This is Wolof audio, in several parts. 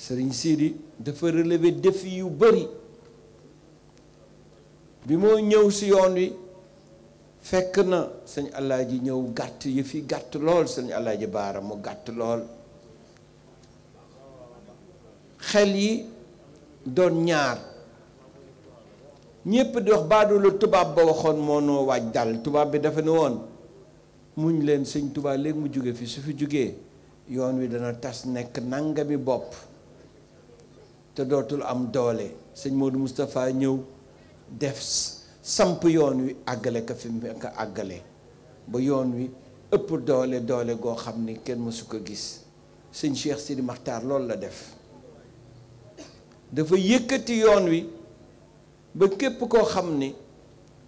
sëriñ Sidi dafa relever def yu bari bi moo ñëw si yoon wi fekk na sëñ Alaaji ñëw gàtt yi fi gàtt lool sëñ Alaaji Baara mu gàtt lool xel yi doon ñaar ñépp di wax baadoolu tubaab ba waxoon moo noo waaj dal tubaab bi dafa ne woon muñ leen sëñ tubaab léegi mu jóge fi su fi jógee yoon wi dana tas nekk nangami bopp te dootul am doole sëñ Modou Moustapha ñëw def samp yoon wi àggale ka fi mu àggale ba yoon wi ëpp doole doole goo xam ni kenn mësu ko gis sëñ Cheikh Sidi Maxtaar loolu la def dafa yëkkati yoon wi ba képp koo xam ni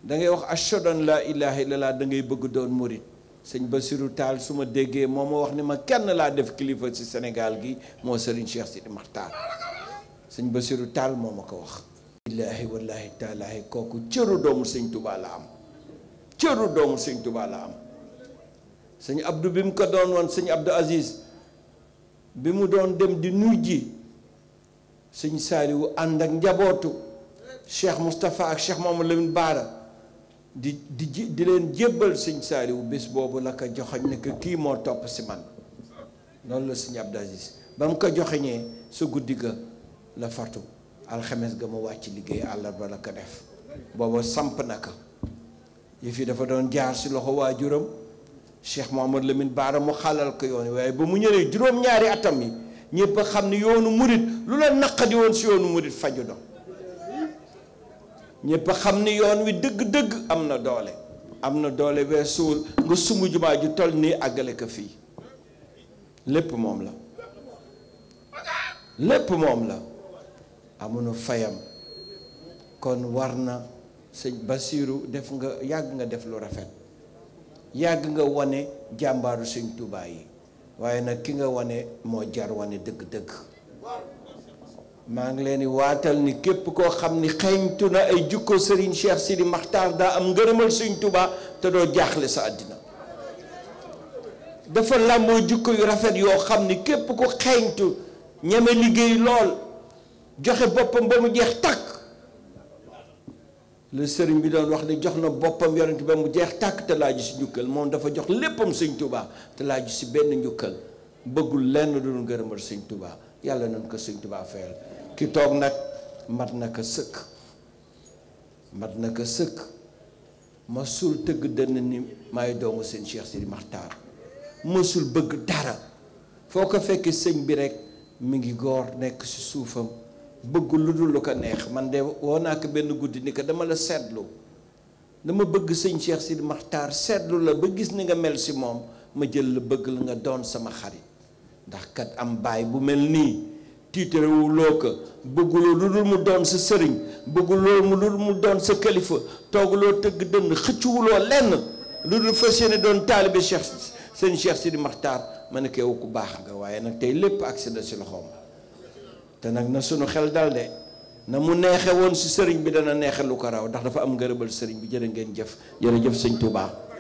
dangay wax ashhadu an laa ilaaha illallaah da ngay bëgg doon murit sëñ Basiru Taal su ma déggee moo ma wax ni ma kenn laa def kilifa ci senegal gi moo sëriñ Cheikh Sidi Maxtaar sëñ Basiru Taal moo ma ko wax billaahi wallaahi taalaahi kooku cëru doomu sëñ Tuubaa la am cëru doomu sëñ Tuubaa am sëñ Abdou bi mu ko doon woon sëñ Abdou Aziz bi mu doon dem di nuy ji sëñ Saaliwu ànd ak njabootu Cheikh Moustapha ak Cheikh Mamadou Lamine Baara di di di leen jébbal sëñ Saaliwu bés boobu la ko joxoñ ne ko kii moo topp si man loolu la sëñ Abdou Aziz ba mu ko joxeñee sa guddi ga la fartu alxames ga mu wàcc liggéey àllarba la def booba samp na ko yëf yi dafa doon jaar si loxo waa waajuram Cheikh Mohamad Lamine Baara mu xalal ko yoon waaye ba mu ñëwee juróom-ñaari atam yi ñëpp xam lu la naqadi si yoonu murit faju na ñëpp xam ni yoon wi dëgg-dëgg am na doole am na doole weesuwul nga sumb jumaa ju toll nii àggale ko fii lépp moom la lépp moom la amunu fayam kon warna na sëñ Basiru def nga yag nga def lu rafet yag nga wane jambaru seigne touba yi waye nak ki nga wane mo jar wane deug deug maa ngi leen di ni kep ko xamni xeyntuna ay jukko Serigne Cheikh Sidi makhtar da am ngeureumal seigne touba te do jaxle sa adina dafa làmboo jukko yu rafet yo xamni kep ko xeyntu ñame liggey lol joxe boppam ba mu jeex tàkk le sëriñ bi doon wax ne jox na boppam yonent ba mu jeex tàkk te laaju si njukkal moom dafa jox léppam sëñ Touba te laaju si benn njukkal bëggul lenn du nu gërëmal sëñ Touba yàlla nañ ko sëñ Touba fayal ki toog nag mat na ko sëkk mat na ko sëkk masul tëgg dënn ni maay doomu seen Cheikh si Maxtaar mësul bëgg dara foo ko fekkee sëñ bi rekk mu ngi góor nekk si suufam bëggul lu dul lu ko neex man de woo naa ko benn guddi ni ko dama la seetlu dama bëgg sëñ Cheikh Sidi maxtar seetlu la ba gis ni nga mel si moom ma jël la bëgg la nga doon sama xarit ndax kat am baay bu mel nii tiitarewu loo ko bëgguloo lu dul mu doon sa sëriñ bëgguloo mu dul mu doon sa kalifa tooguloo tëgg dënn xëccuwuloo lenn lu dul fas yéene doon taalibe Cheikh sëñ Cheikh Sidi Maxtaar ma ne ko ku baax nga waaye nag tey lépp ak na si loxoom te nag na sunu xel dal de na mu neexe woon si sëriñ bi dana neexe lu ko ndax dafa am ngërëbal sëriñ bi jërë ngeen jëf jërëjëf sëñ Touba.